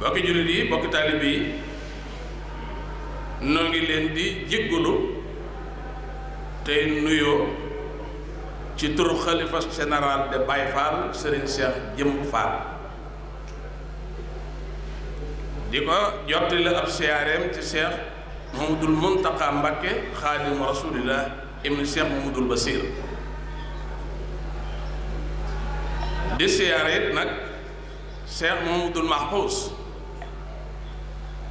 bokki jullit yi bokki taalib yi noo ngi leen di jéggalu tey nuyoo ci turu xalifa général de Baye Fall Serigne Cheikh Jëmb Fall di ko jottali ab siyaareem ci Cheikh Mamadul Muntaqa Mbakke xaadimu rasulillah ibn Cheikh Mamadul Basir di siyaare it nag Cheikh Mamadul Mahfous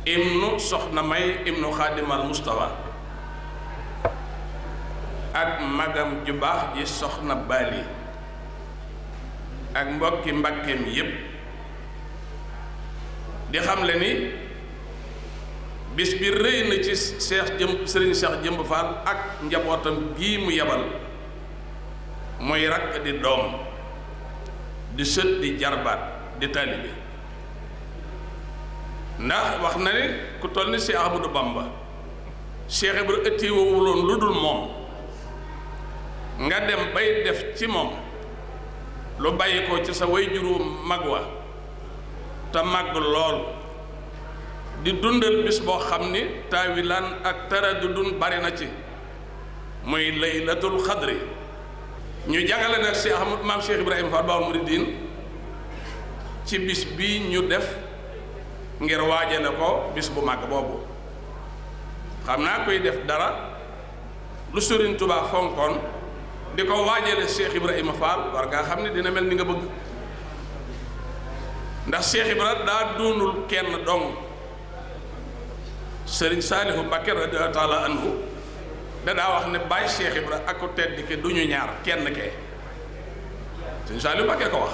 ibnu soxna may ibnu xaadimal mustafa ak magam ju baax ji soxna baali ak mbokki mbakkeem yépp di xam le ni bis bi rëy na ci seex jëm sëriñ seex jëmb faal ak njabootam gii mu yebal muy rakk di doom di sët di jarbaat di taalibe ndax wax na ni ku toll ni Cheikh Ahmadou Bamba Cheikh Ibrahima ëtti woowuloon lu dul moom nga dem bay def ci moom lu bàyyi ko ci sa way juróom mag wa te màgg lool di dundal bis boo xam ni taawilaan ak tara du dun bari na ci muy laylatul xadri ñu jagale nag Cheikh Ahmadou maam Cheikh Ibrahima Fall Baol Mouridine ci bis bi ñu def ngir waaje na ko bis bu màgg boobu xam naa koy def dara lu Sëriñ Tuubaa fonkoon di ko waajale Cheikh Ibrahima Fall war ngaa xam ne dina mel ni nga bëgg ndax Cheikh Ibrahima daa doonul kenn dong Sëriñ Saalihu Mbakke radiyallaahu taala anhu dadaa wax ne bàyyi Cheikh ak ko tedd ke du ñu ñaar kenn ke Sëriñ Saalihu Mbakke ko wax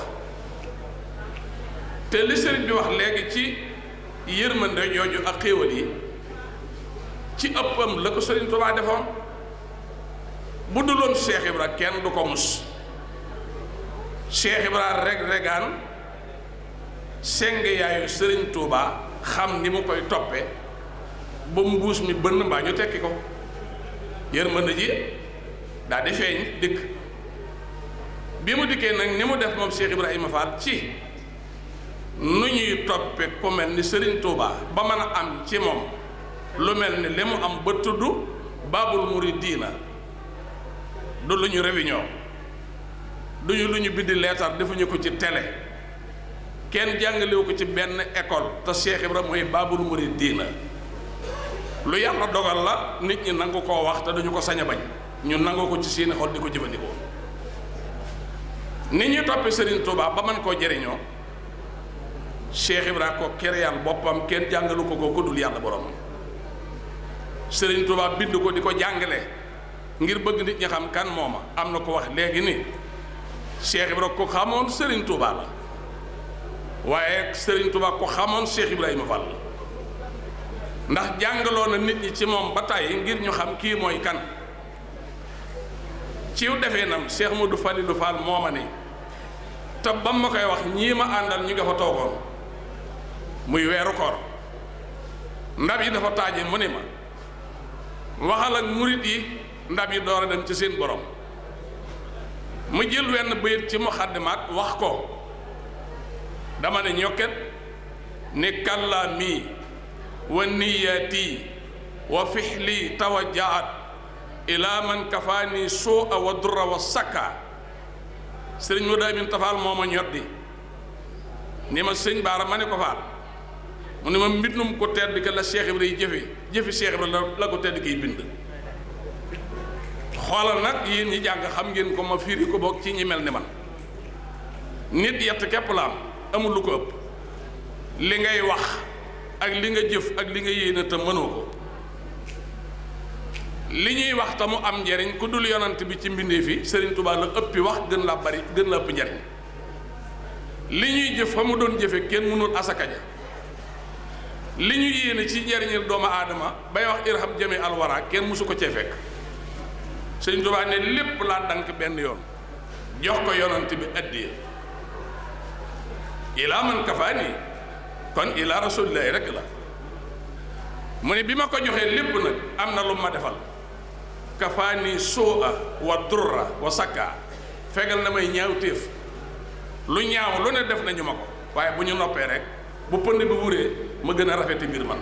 te li sëriñ bi wax léegi ci yërmande jooju ak xéewal yi ci ëppam la ko Sëriñ Tuubaa defoon bu duloon Cheikh Ibra kenn du ko mus Cheikh Ibra rek regaan seng yaayu Sëriñ Tuubaa xam ni mu koy toppe ba mbuus mi bënn mbaa ñu tekki ko yërmande ji daal di feeñ dikk bi mu dikkee nag ni mu def moom Cheikh Ibrahima Fall ci nu ñuy toppe ku mel ni sëriñ Touba ba mën a am ci moom lu mel ni li mu am ba tudd Baabul diina du lu ñu réunion duñu lu ñu bindi leetar defuñu ko ci télé kenn jàngalewu ko ci benn école te Cheikh Ibra mooy Baabul Muridiina lu yàlla dogal la nit ñi nangu ko wax te duñu ko sañ a bañ ñu nangoo ko ci seeni xol di ko jëfandikoo nit ñuy toppe Serigne Touba ba mën koo jariñoo Cheikh Ibra ko kereyal boppam kenn jàngalu ko ko ko dul yàlla boromam Serigne Touba bind ko di ko jàngale ngir bëgg nit ñi xam kan mooma am na ko wax léegi ni Cheikh Ibra ko xamoon Serigne Touba la waaye Serigne Touba ko xamoon Cheikh Ibrahima ndax jàngaloo na nit ñi ci moom ba tàyyi ngir ñu xam kii mooy kan ciw defee nam Cheikh Modou Falilou Fall mooma ni te bam ma koy wax ñii ma àndal ñu nga fa toogoon muy weeru koor ndab yi dafa taaje mu ni ma waxal ak murit yi ndab yi door dem ci seen borom mu jël wenn bayit ci muxaddimaat wax ko dama ne ñokket ni kàllaami wa niyaati wa fixli tawajaat ila man kafaani suu wa durra wa sakka sëriñ mu daamin tafaal moo ma ni ma sëñ baara ma ne ko faal mu ne ma mbindum ko tedd ka la Cheikh Ibra yi jëfe jëfi Cheikh la la ko tedd kiy bind xoolal nag yéen ñi jàng xam ngeen ko ma firi ko bokk ci ñi mel ni man nit yett képp la am amul lu ko ëpp li ngay wax ak li nga jëf ak li nga yéene te mënoo ko li ñuy wax te mu am njariñ ku dul yonant bi ci mbindee fi Serigne Touba la ëppi wax gën la bari gën la ëpp njariñ li ñuy jëf fa mu doon jëfe kenn mënul asaka ja li ñu yéene ci njariñal doomu aadama bay wax irham jëme alwara kenn mësu ko cee fekk sëñ Tuubaa lépp laa dank benn yoon jox ko yonant bi addiya ilaa man kafaani kon ilaa rasulillahi rek la mu ne bi ma ko joxee lépp nag am na lu ma defal kafaani soo a wa durra wa sakka fegal na may ñaaw téef lu ñaaw lu ne def nañu ma ko waaye bu ñu noppee rek bu pënd bi wuree ma gën a rafeti mbir man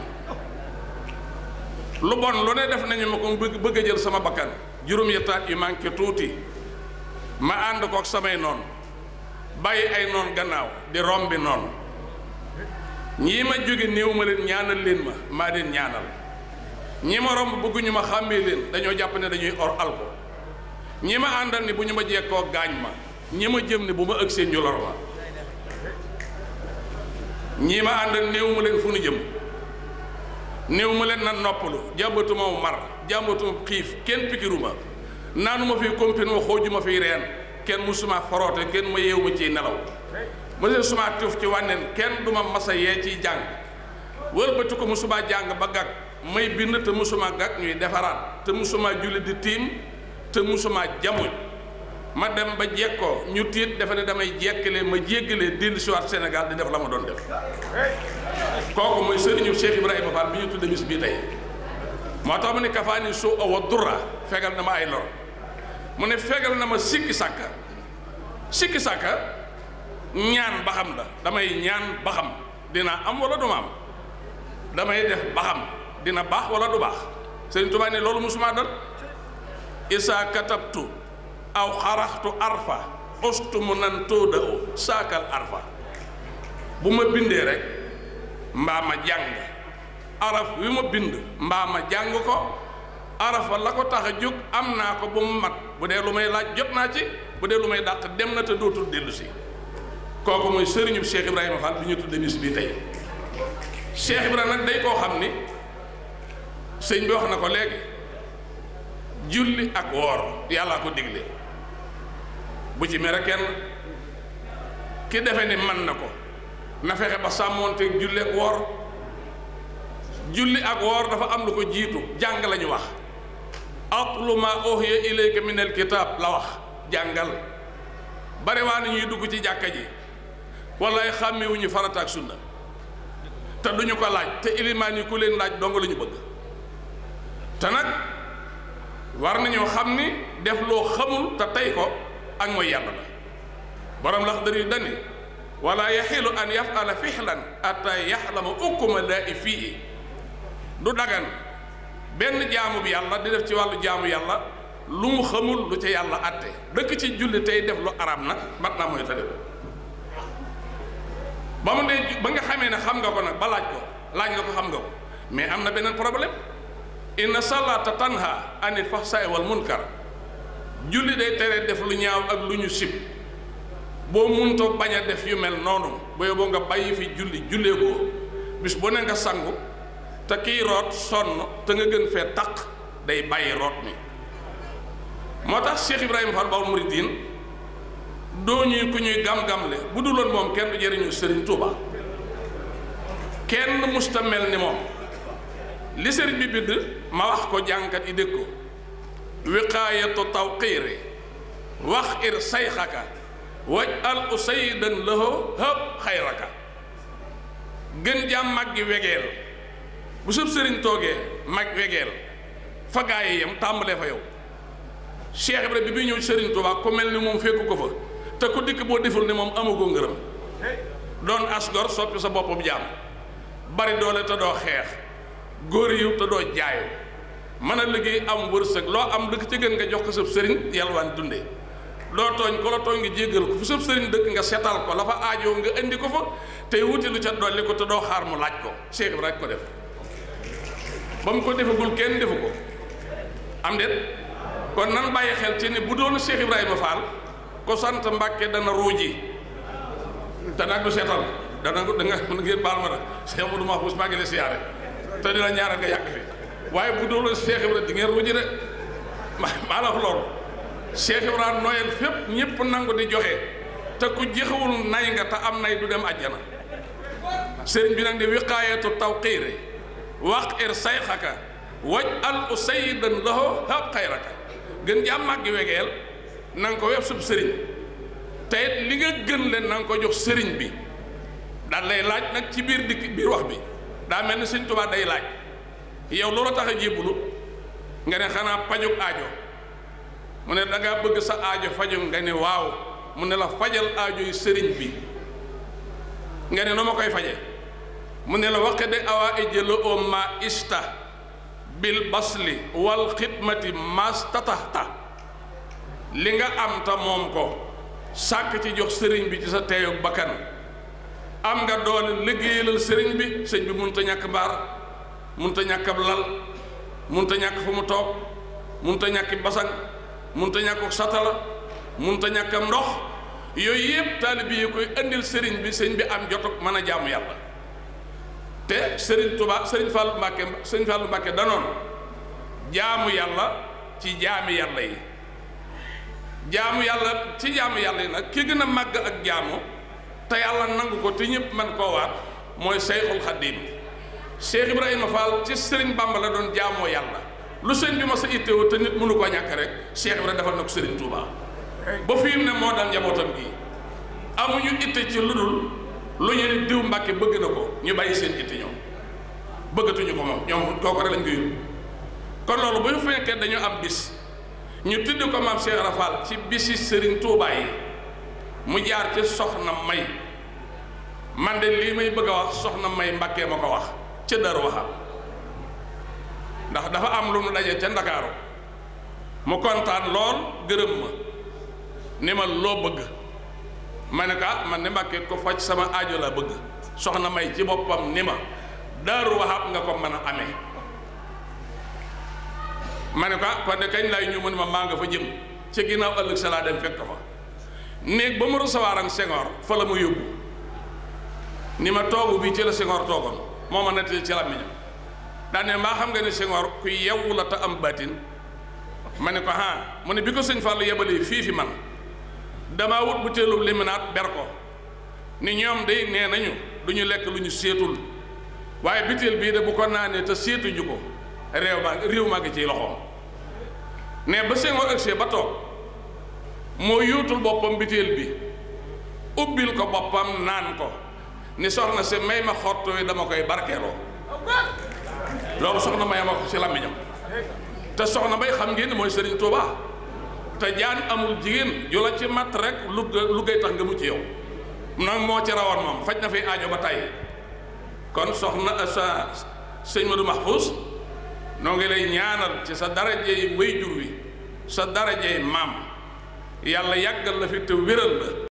lu bon lu ne def nañu ma ko bëgg a jël sama bakkan juróom yetaat yu manqué tuuti ma ànd kook samay noon bàyyi ay noon gannaaw di rombi noon ñii ma jóge néew ma leen ñaanal leen ma maa leen ñaanal ñi ma romb bëgguñu ma xàmmee leen dañoo jàpp ne dañuy or alko ñi ma àndal ni bu ñu ma jekkoo gaañ ma ñi ma jëm ne bu ma ëgsee ñu lor ma ñii ma ànd ak ma leen fu nu jëm néew ma leen nan noppalu jàmbatuma mar jàmbatuma xiif kenn pikiruma naanuma fi kompin ma xoojuma fiy reen kenn musuma foroote kenn ma yeewu ma ciy nelaw monsieur suma ci wànneen kenn duma masa yee ciy jàng wëlbati ko musuma jàng ba gag may bind te musuma gag ñuy defaraat te mu musuma julli di tiim te mu sumaa jamuñ ma dem ba jekkoo ñu tiit dafa ne damay jekkale ma jéggale dellu si waat Sénégal di def la ma doon def kooku mooy sëriñu Cheikh Ibrahima Fall bi ñu tudde bis bii tey moo tax mu ne kafaani su awa dura fegal na ma ay lor mu ne fegal na ma sikki sàkka sikki sàkka ñaan ba xam la damay ñaan ba xam dina am wala duma am damay def ba xam dina baax wala du baax sëriñ Tuubaa loolu musuma dal isaa aw xaraxtu arfa ostu mu nan tóoda saakal arfa bu ma bindee rek mbaa ma jàng araf wi ma bind mbaa ma jàng ko arafa la ko tax a jóg am naa ko ba mu mat bu dee lu may laaj jot naa ci bu dee lu may dàq dem na te dootul dellusi kooku mooy sëriñu Cheikh Ibrahima Fall bi ñu tudde day koo xam ni sëñ bi na ko léegi julli ak woor yàllaa ko digle bu ci mere kenn ki defe ne man na ko na fexe ba sàmmoonteeg julli ak woor julli ak woor dafa am lu ko jiitu jàng la ñu wax atlu ma uhiya ilayka min alkitab la wax jàngal bare waa na ñuy dugg ci jàkka ji wallaay xàmmewuñu farata ak sunna te duñu ko laaj te ilimaan yi ku leen laaj dong lañu ñu bëgg te nag war nañoo xam ni def loo xamul te tey ko ak mooy yàlla la borom Laxdari dani wala yaxilu an yafala fixlan ata yaxlama ukkuma laa fii du dagan benn jaamu bi yàlla di def ci wàllu jaamu yàlla lu mu xamul lu ca yàlla atte dëkk ci julli tey def lu arab nag mat naa mooy ta def ba mu ne ba nga xamee ne xam nga ko nag ba laaj ko laaj nga ko xam nga ko mais am na beneen problème inna salata tanha anil fahsai wal munkar julli day tere def lu ñaaw ak lu ñu sib boo munta bañ a def yu mel noonu booy boo nga bàyyi fi julli jullee ko bis bu ne nga sangu te kiy root sonn te nga gën fee taq day bàyyi root mi moo tax Cheikh Ibrahima Fall Baol Mouridine doo ñuy ku ñuy gam-gamle bu duloon moom kenn du jëriñu Serigne Touba kenn musta mel ni moom li Serigne bi bind ma wax ko jànkat yi dégg ko wiqaayatu tawqiiri wax ir sayxaka waj al usaydan lahu hëb xayraka gën jaam mag gi wegeel bu sëb sëriñ toogee mag wegeel fa gaa yi tàmbalee fa yow Cheikh Ibra bi muy ñëw sëriñ Tuubaa ku mel ni moom fekku ko fa te ku dikk boo deful ni moom amagoo ngërëm doon asgor soppi sa boppam jaam bari doole te doo xeex góor yiw te doo jaayu mën a liggéey am wërsëg loo am dëkk ci gën nga jox ko sëb sëriñ yalwaan dundee loo tooñ ko la tooñ nga jéggal ko fu sëb sëriñ dëkk nga setal ko la fa aajoo nga indi ko fa tey wuti lu ca dolli ko te doo xaar mu laaj ko Cheikh Ibra ko def ba defagul kenn defu ko kon nan bàyyi xel ci ni bu doon Cheikh Ibrahima Fall ko sant Mbàkke dana ruuji te nag du seetal dana da nga ngeen baal ma nag Cheikh Modou Mahfouz maa ngi lay te dina ñaareel nga yàq waaye bu dooloo Cheikh Ibra di ngeen ruji de maa la wax loolu Cheikh Ibra nooyal fépp ñëpp nangu di joxe te ku jëxawul nay nga te am nay du dem àjjana sëriñ bi nag di wiqaayatu tawqiiri wax ir sayxaka waj al usaydan lahu hab xayraka gën jaa màggi wegeel na ko web sub sëriñ te li nga gën leen na ko jox sëriñ bi daal lay laaj nag ci biir dikk biir wax bi daa mel ni Sëriñ Tuubaa day laaj yow loola tax a jébbulu nga ne xanaa pajug aajo mu ne da bëgg sa aajo faju nga ne waaw mu ne la fajal aajo yu sëriñ bi nga ne nu ma koy faje mu ne la waqe de awaa ijjëla o um ma ista bil basli wal xidmati mas tataxta li nga am ta moom ko sàkk ci jox sëriñ bi ci sa teeyug bakkan am nga doole liggéeyalal sëriñ bi sëñ bi mënut a ñàkk mbaar munta ñàkk ab lal munta ñàkk fu mu toog munta ñàkki basang munta ñàkku satala munta ñàkk am ndox yooyu yëpp taalibe yi koy indil sëriñ bi sëñ bi am jotuk mën a jaamu yàlla te sëriñ Tuubaa sëriñ Fallou Mbàkke sëriñ Fallou Mbàkke danoon jaamu yàlla ci jaami yàlla yi jaamu yàlla ci jaamu yàlla yi nag ki gën a màgg ak jaamu te yàlla nangu ko te ñëpp man koo waat mooy Seyxul Xadiim Cheikh Ibrahima Fall ci Serigne Bamba la doon jaamoo yàlla lu sëñ bi ma sa itteewu te nit mënu koo ñàkk rek Cheikh Ibrahima defal na ko Serigne Touba ba fi mu ne moo daan njabootam gi amuñu itte ci lu dul lu ñu diw Mbàkke bëgg na ko ñu bàyyi seen itte ñoom bëggatuñu ko moom ñoom kooku rek lañ ko yóbbu kon loolu bu ñu fekkee dañu am bis ñu tudd ko maam Cheikh Ibra Fall ci bisi sëriñ Touba yi mu jaar ci soxna May man de lii may bëgg wax soxna May Mbàkke ma ko wax. ca Daaru Waxaab ndax dafa am lu nu daje ca Ndakaaru mu kontaan lool gërëm ma ni ma loo bëgg ma ne ko ah man ne Mbàkke ko faj sama aajo la bëgg soxna may ci boppam ni ma Daaru Waxaab nga ko mën a amee ma ne ko ah, kon de kañ lay ñu mu ne ma maa nga fa jëm ca ginnaaw ëllëg sa laa dem fekk fa néeg ba mu recevoir ak fa la mu yóbbu ni ma toogu bi ci la Senghor toogoon moo ma nettali ci làmmiñam daane maa xam nga ne Senghor ku yewwu la te am baatin ma ne ko ah mu ne bi ko sëñ Fallou yebalee fii fi man damaa wut butéelu liminaat ber ko ni ñoom day nee nañu du lekk lu ñu seetul waaye butéel bii de bu ko naanee te seetuñu ko réew maa réew maa ngi ciy loxoom ne ba Senghor agsee ba toog moo yuutul boppam bitéel bi ubbil ko boppam naan ko ni soxna si may ma xott wi dama koy barkeeloo loolu soxna may ma ko ci làmmiñam te soxna may xam ngeen mooy Serigne Touba te jaan amul jigéen ju la ci matt rek lu lu tax nga mucc yow nag moo ci rawoon moom faj na fi aajo ba tey kon soxna euh, sa sëñ Madou Mahfous noo ngi lay ñaanal ci sa darajey wéyjur wi sa darajey maam yàlla yàggal la fi te wéral la